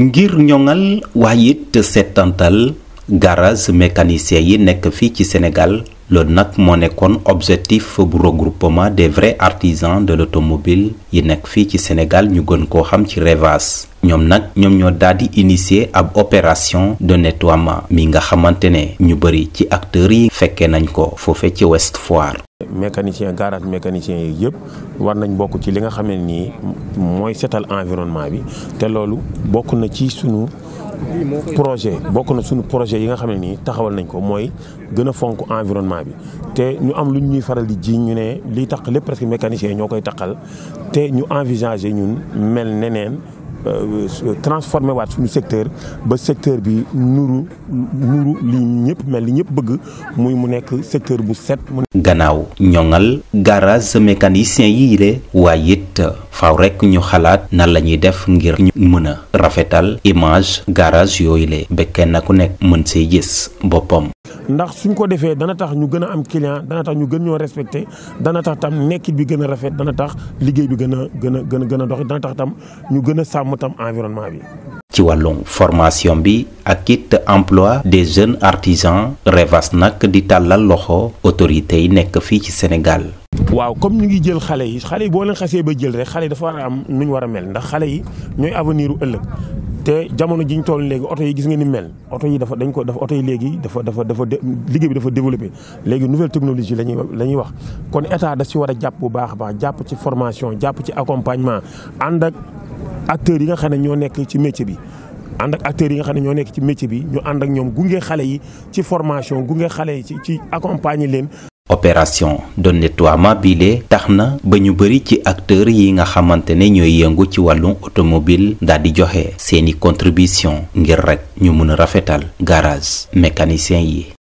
ngir ñoŋal waaye it seetantal garage mécanicien yi nekk fii ci Sénégal loolu nag moo nekkoon objectif bu regroupement des vrais artisans de l'automobile yi nekk fii ci Sénégal ñu gën koo xam ci REVAS ñoom nag ñoom ñoo daal di initier ab opération de nettoiement mi nga xamante ne ñu bëri ci acteurs yi fekkee nañ ko foofe ci West Foire. mécanicien garage mécanicien yi yëpp war nañ bokk ci li nga xam ne nii mooy setal environnement bi te loolu bokk na ci sunu projet bokk na sunu projet yi nga xam ne nii taxawal nañ ko mooy gën a fonk environnement bi te ñu am lu ñuy faral di ji ñu ne liy tax lépp presque mécanicien ñoo koy taqal te ñu envisager ñun mel neneen Euh, transformé waat suñu secteur ba secteur bi nuru nuru li ñëpp mel li ñëpp bëgg muy mu nekk secteur bu set. gannaaw ñoŋal garage mécanicien yi de waaye it faw rek ñu xalaat nan la ñuy def ngir ñu mën a rafetal image garage yooyu le ba kenn ku nekk mën see gis boppam. ndax suñ ko defee dana tax ñu gën a am client dana tax ñu gën ñoo respecté dana tax tam nekkit bi gën a rafet dana tax liggéey bi gën a gën a gën a gën a dox dana tax tam ñu gën a sàmm tam environnement bi. ci wàllum formation bi ak it emploi des jeunes artisans Revas nag di tàllal loxo autorités yi nekk fii ci Sénégal. waaw comme ñu ngi jël xale yi xale yi boo leen xasee ba jël rek xale yi dafa war a am nu ñu war a mel ndax xale yi ñooy avenir ëllëg. te jamono ji ñu toll léegi oto yi gis nga ni mel oto yi dafa dañ ko dafa oto yi léegi dafa dafa dafa liggéey bi dafa développé léegi nouvelle technologie la ñuy la wax kon état da si war a jàpp bu baax baax jàpp ci formation jàpp ci accompagnement ànd ak acteurs yi nga xam ne ñoo nekk ci métier bi ànd ak acteurs yi nga xam ne ñoo nekk ci métier bi ñu ànd ak ñoom gunge xale yi ci formation gunge xale yi ci ci accompagner leen opération de nettoiement biile tax na ba ñu bëri ci acteurs yi nga xamante ne ñooy yëngu ci wàllu automobile daal di joxe seeni contribution ngir rekk ñu mën a rafetal garage mécanicien yi